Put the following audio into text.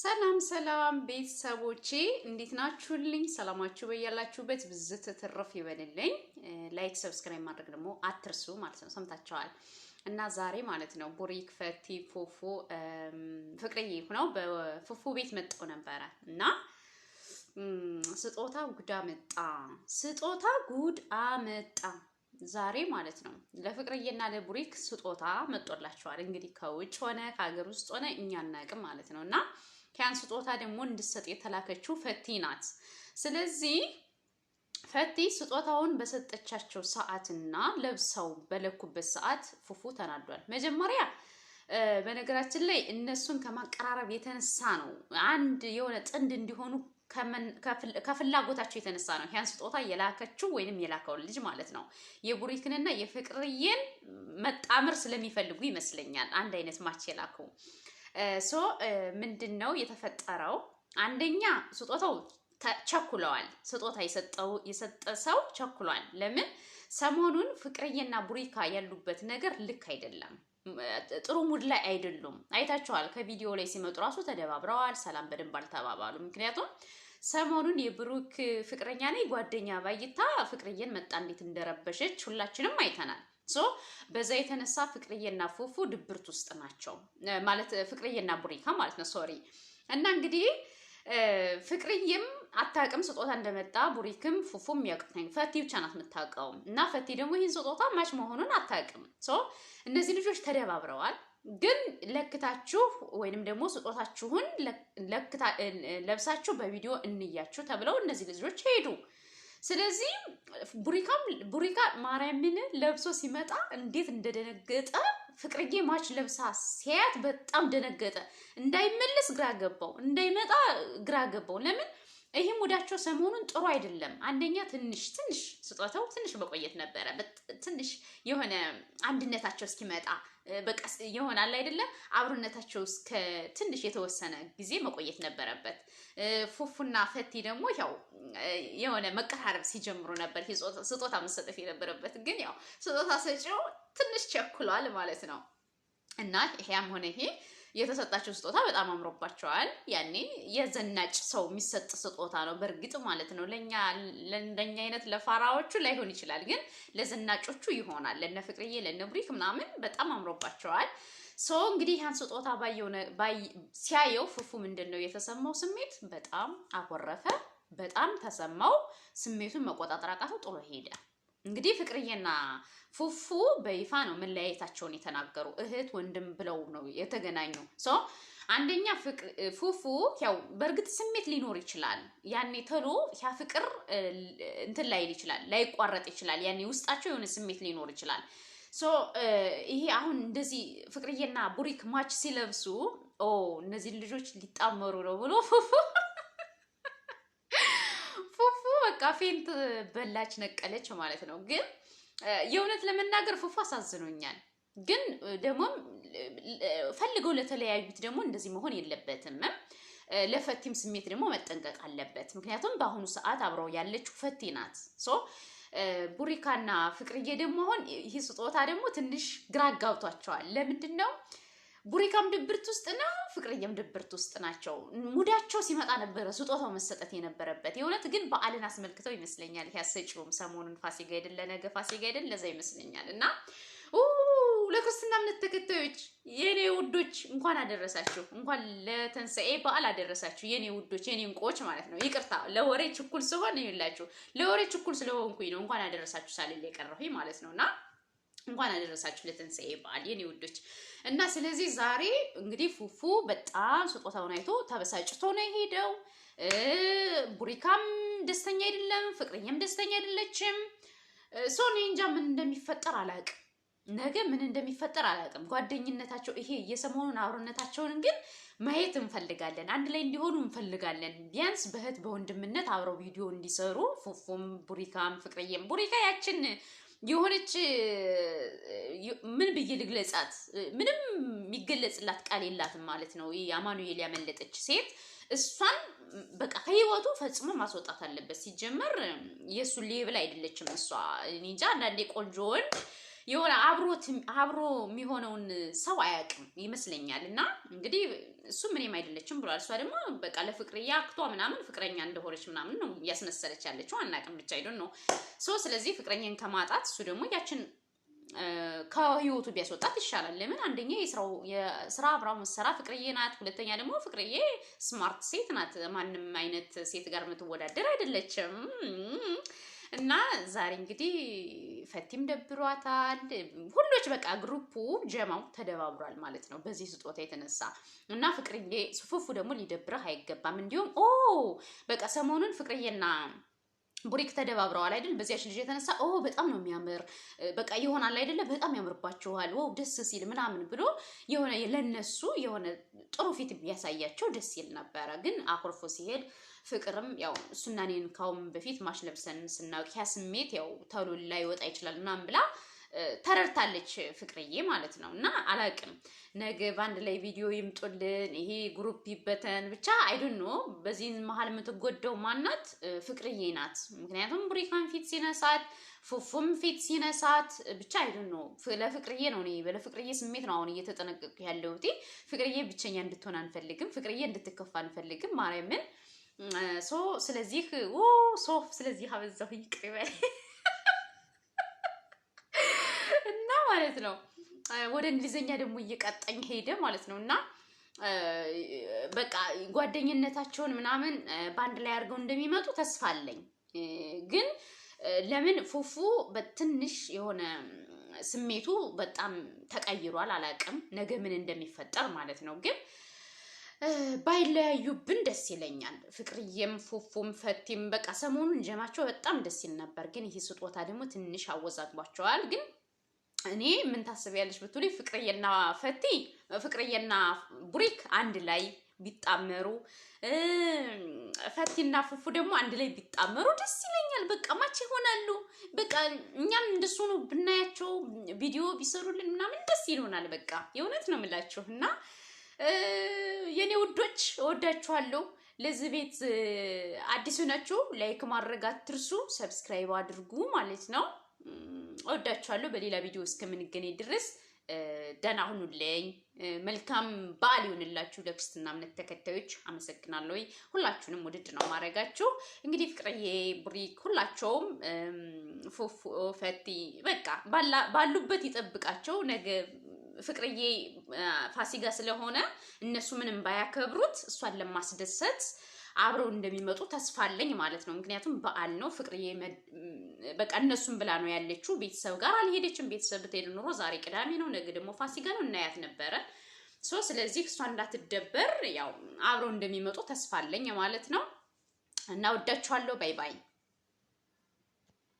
ሰላም ሰላም ቤተሰቦቼ እንዴት ናችሁልኝ? ሰላማችሁ በያላችሁበት ብዝት ትርፍ ይበልልኝ። ላይክ ሰብስክራይብ ማድረግ ደግሞ አትርሱ ማለት ነው። ሰምታችኋል እና ዛሬ ማለት ነው ቡሪ ክፈቲ ፉፉ ፍቅርዬ ሆነው በፉፉ ቤት መጠው ነበረ እና ስጦታ ጉድ አመጣ፣ ስጦታ ጉድ አመጣ። ዛሬ ማለት ነው ለፍቅርዬና ለቡሪክ ስጦታ መጦላቸዋል። እንግዲህ ከውጭ ሆነ ከሀገር ውስጥ ሆነ እኛ አናውቅም ማለት ነው እና ያን ስጦታ ደግሞ እንድሰጥ የተላከችው ፈቲ ናት። ስለዚህ ፈቲ ስጦታውን በሰጠቻቸው ሰዓትና ለብሰው በለኩበት ሰዓት ፉፉ ተናዷል። መጀመሪያ በነገራችን ላይ እነሱን ከማቀራረብ የተነሳ ነው አንድ የሆነ ጥንድ እንዲሆኑ ከፍላጎታቸው የተነሳ ነው ያን ስጦታ የላከችው ወይንም የላከውን ልጅ ማለት ነው። የቡሪክንና የፍቅርዬን መጣምር ስለሚፈልጉ ይመስለኛል አንድ አይነት ማች የላከው ሶ ምንድን ነው የተፈጠረው? አንደኛ ስጦታው ቸኩለዋል። ስጦታ የሰጠ ሰው ቸኩሏል። ለምን ሰሞኑን ፍቅርዬና ቡሪካ ያሉበት ነገር ልክ አይደለም። ጥሩ ሙድ ላይ አይደሉም። አይታችኋል። ከቪዲዮ ላይ ሲመጡ ራሱ ተደባብረዋል። ሰላም በደንብ አልተባባሉ። ምክንያቱም ሰሞኑን የብሩክ ፍቅረኛ ነኝ ጓደኛ ባይታ ፍቅርዬን መጣ እንዴት እንደረበሸች ሁላችንም አይተናል። ሶ በዛ የተነሳ ፍቅርዬና ፉፉ ድብርት ውስጥ ናቸው ማለት ፍቅርዬና ቡሪካ ማለት ነው። ሶሪ እና እንግዲህ ፍቅርዬም አታውቅም ስጦታ እንደመጣ ቡሪክም ፉፉ የሚያውቁት ፈቲ ብቻ ናት የምታውቀው። እና ፈቲ ደግሞ ይህን ስጦታ ማች መሆኑን አታውቅም። ሶ እነዚህ ልጆች ተደባብረዋል። ግን ለክታችሁ ወይንም ደግሞ ስጦታችሁን ለብሳችሁ በቪዲዮ እንያችሁ ተብለው እነዚህ ልጆች ሄዱ። ስለዚህ ቡሪካም ቡሪካ ማርያምን ለብሶ ሲመጣ እንዴት እንደደነገጠ ፍቅርዬ ማች ለብሳ ሲያያት በጣም ደነገጠ። እንዳይመለስ ግራ ገባው፣ እንዳይመጣ ግራ ገባው። ለምን ይህም ሙዳቸው ሰሞኑን ጥሩ አይደለም። አንደኛ ትንሽ ትንሽ ስጦታው ትንሽ መቆየት ነበረ፣ ትንሽ የሆነ አንድነታቸው እስኪመጣ በቃ ይሆናል አይደለም አብሮነታቸው እስከ ትንሽ የተወሰነ ጊዜ መቆየት ነበረበት። ፉፉና ፈቲ ደግሞ ያው የሆነ መቀራረብ ሲጀምሩ ነበር ስጦታ መሰጠፍ የነበረበት ግን ያው ስጦታ ሰጪው ትንሽ ቸኩሏል ማለት ነው እና ያም ሆነ ይሄ የተሰጣቸው ስጦታ በጣም አምሮባቸዋል። ያኔ የዘናጭ ሰው የሚሰጥ ስጦታ ነው በእርግጥ ማለት ነው። ለእኛ ለእንደኛ አይነት ለፋራዎቹ ላይሆን ይችላል፣ ግን ለዘናጮቹ ይሆናል። ለነ ፍቅርዬ ለነ ቡሪክ ምናምን በጣም አምሮባቸዋል። ሰው እንግዲህ ያን ስጦታ ሲያየው ፉፉ ምንድን ነው የተሰማው ስሜት? በጣም አኮረፈ፣ በጣም ተሰማው። ስሜቱን መቆጣጠር አቃተው፣ ጥሎ ሄደ። እንግዲህ ፍቅርዬና ፉፉ በይፋ ነው መለያየታቸውን የተናገሩ። እህት ወንድም ብለው ነው የተገናኙ። ሶ አንደኛ ፉፉ ያው በእርግጥ ስሜት ሊኖር ይችላል። ያኔ ተሎ ያ ፍቅር እንትን ላይል ይችላል፣ ላይቋረጥ ይችላል። ያኔ ውስጣቸው የሆነ ስሜት ሊኖር ይችላል። ሶ ይሄ አሁን እንደዚህ ፍቅርዬና ቡሪክ ማች ሲለብሱ ኦ እነዚህን ልጆች ሊጣመሩ ነው ብሎ ፉፉ ቃፌን በላች ነቀለች ማለት ነው። ግን የእውነት ለመናገር ፉፉ አሳዝኖኛል። ግን ደግሞ ፈልገው ለተለያዩት ደግሞ እንደዚህ መሆን የለበትም። ለፈቲም ስሜት ደግሞ መጠንቀቅ አለበት። ምክንያቱም በአሁኑ ሰዓት አብረው ያለችው ፈቲ ናት። ሶ ቡሪካና ፍቅርዬ ደግሞ አሁን ይህ ስጦታ ደግሞ ትንሽ ግራ አጋብቷቸዋል። ለምንድን ነው ቡሪካም ድብርት ውስጥ እና ፍቅርዬም ድብርት ውስጥ ናቸው። ሙዳቸው ሲመጣ ነበረ ስጦታው መሰጠት የነበረበት። የእውነት ግን በዓልን አስመልክተው ይመስለኛል ይሄ ሰሞኑን ፋሲካ አይደል ለነገ ፋሲካ አይደል ለዛ ይመስለኛል እና ለክርስትና እምነት ተከታዮች የኔ ውዶች እንኳን አደረሳችሁ፣ እንኳን ለተንሳኤ በዓል አደረሳችሁ። የኔ ውዶች የኔ እንቆች ማለት ነው። ይቅርታ ለወሬ ችኩል ስሆን ይላችሁ፣ ለወሬ ችኩል ስለሆንኩኝ ነው እንኳን አደረሳችሁ ሳልል የቀረሁኝ ማለት ነው እና እንኳን አደረሳችሁ ለትንሣኤ በዓል የኔ ውዶች። እና ስለዚህ ዛሬ እንግዲህ ፉፉ በጣም ስጦታውን አይቶ ተበሳጭቶ ነው የሄደው። ቡሪካም ደስተኛ አይደለም፣ ፍቅረኛም ደስተኛ አይደለችም። ሰው እኔ እንጃ ምን እንደሚፈጠር አላውቅም። ነገ ምን እንደሚፈጠር አላውቅም። ጓደኝነታቸው ይሄ የሰሞኑን አብሮነታቸውን ግን ማየት እንፈልጋለን። አንድ ላይ እንዲሆኑ እንፈልጋለን። ቢያንስ በእህት በወንድምነት አብረው ቪዲዮ እንዲሰሩ ፉፉም ቡሪካም ፍቅረየም ቡሪካ ያችን የሆነች ምን ብዬ ልግለጻት? ምንም የሚገለጽላት ቃል የላትም ማለት ነው። አማኑኤል ያመለጠች ሴት እሷን በቃ ከህይወቱ ፈጽሞ ማስወጣት አለበት። ሲጀመር የእሱ ሌብል አይደለችም እሷ። እኔ እንጃ አንዳንዴ ቆንጆውን የሆነ አብሮ የሚሆነውን ሰው አያውቅም ይመስለኛል። እና እንግዲህ እሱ ምንም አይደለችም ብሏል። እሷ ደግሞ በቃ ለፍቅርዬ አክቷ ምናምን ፍቅረኛ እንደሆነች ምናምን ነው እያስመሰለች ያለችው። አናቅም ብቻ አይዶን ነው ሶ ስለዚህ ፍቅረኛን ከማጣት እሱ ደግሞ ያችን ከህይወቱ ቢያስወጣት ይሻላል። ለምን አንደኛ የስራው የስራ አብራ መሰራ ፍቅርዬ ናት። ሁለተኛ ደግሞ ፍቅርዬ ስማርት ሴት ናት። ማንም አይነት ሴት ጋር የምትወዳደር አይደለችም። እና ዛሬ እንግዲህ ፈቲም ደብሯታል። ሁሎች በቃ ግሩፑ ጀማው ተደባብሯል ማለት ነው በዚህ ስጦታ የተነሳ እና ፍቅርዬ ሱፉፉ ደግሞ ሊደብረህ አይገባም። እንዲሁም ኦ በቃ ሰሞኑን ፍቅርዬና ቡሪክ ተደባብረዋል አይደል? በዚያች ልጅ የተነሳ ኦ በጣም ነው የሚያምር በቃ ይሆናል አይደለ? በጣም ያምርባችኋል፣ ዋው ደስ ሲል ምናምን ብሎ የሆነ ለነሱ የሆነ ጥሩ ፊት ቢያሳያቸው ደስ ይል ነበረ። ግን አኩርፎ ሲሄድ ፍቅርም ያው እሱና እኔን ካሁን በፊት ማሽ ለብሰን ስናውቅ ያ ስሜት ያው ተሎ ላይወጣ ይችላል ምናምን ብላ ተረድታለች ፍቅርዬ ማለት ነው። እና አላቅም ነገ በአንድ ላይ ቪዲዮ ይምጡልን፣ ይሄ ግሩፕ ይበተን፣ ብቻ አይዱኖ። በዚህ መሀል የምትጎደው ማናት? ፍቅርዬ ናት። ምክንያቱም ቡሪካን ፊት ሲነሳት፣ ፉፉም ፊት ሲነሳት፣ ብቻ አይዱኖ። ለፍቅርዬ ነው ለፍቅርዬ ስሜት ነው አሁን እየተጠነቀቅኩ ያለሁት። ፍቅርዬ ብቸኛ እንድትሆን አንፈልግም። ፍቅርዬ እንድትከፋ አንፈልግም። ማርያምን ሶ ስለዚህ ሶፍ ስለዚህ አበዛሁኝ ይቅር ይበል እና ማለት ነው ወደ እንግሊዝኛ ደግሞ እየቀጠኝ ሄደ ማለት ነው እና በቃ ጓደኝነታቸውን ምናምን በአንድ ላይ አድርገው እንደሚመጡ ተስፋ አለኝ። ግን ለምን ፉፉ በትንሽ የሆነ ስሜቱ በጣም ተቀይሯል። አላቅም ነገ ምን እንደሚፈጠር ማለት ነው ግን ባይለያዩብን ደስ ይለኛል። ፍቅርዬም ፉፉም ፈቲም በቃ ሰሞኑን ጀማቸው በጣም ደስ ይል ነበር፣ ግን ይህ ስጦታ ደግሞ ትንሽ አወዛግቧቸዋል። ግን እኔ ምን ታስቢያለሽ ብትሉ ፍቅርዬና ፈቲ ፍቅርዬና ቡሪክ አንድ ላይ ቢጣመሩ ፈቲና ፉፉ ደግሞ አንድ ላይ ቢጣመሩ ደስ ይለኛል። በቃ ማች ይሆናሉ። በቃ እኛም እንደሱ ነው ብናያቸው ቪዲዮ ቢሰሩልን ምናምን ደስ ይሆናል። በቃ የእውነት ነው የምላችሁ እና የኔ ውዶች እወዳችኋለሁ። ለዚህ ቤት አዲስ ናችሁ፣ ላይክ ማድረግ አትርሱ፣ ሰብስክራይብ አድርጉ ማለት ነው። እወዳችኋለሁ። በሌላ ቪዲዮ እስከምንገናኝ ድረስ ደህና ሁኑልኝ። መልካም በዓል ይሁንላችሁ ለክርስትና እምነት ተከታዮች። አመሰግናለሁ። ሁላችሁንም ውድድ ነው ማድረጋችሁ። እንግዲህ ፍቅርዬ፣ ብሪክ፣ ሁላቸውም ፉፉ፣ ፈቲ በቃ ባሉበት ይጠብቃቸው ነገ ፍቅርዬ ፋሲጋ ስለሆነ እነሱ ምንም ባያከብሩት እሷን ለማስደሰት አብረው እንደሚመጡ ተስፋ አለኝ ማለት ነው። ምክንያቱም በዓል ነው። ፍቅርዬ በቃ እነሱም ብላ ነው ያለችው። ቤተሰብ ጋር አልሄደችም። ቤተሰብ ብትሄድ ኑሮ ዛሬ ቅዳሜ ነው፣ ነገ ደግሞ ፋሲጋ ነው፣ እናያት ነበረ። ሶ ስለዚህ እሷ እንዳትደበር ያው አብረው እንደሚመጡ ተስፋ አለኝ ማለት ነው። እና ወዳችኋለሁ። ባይ ባይ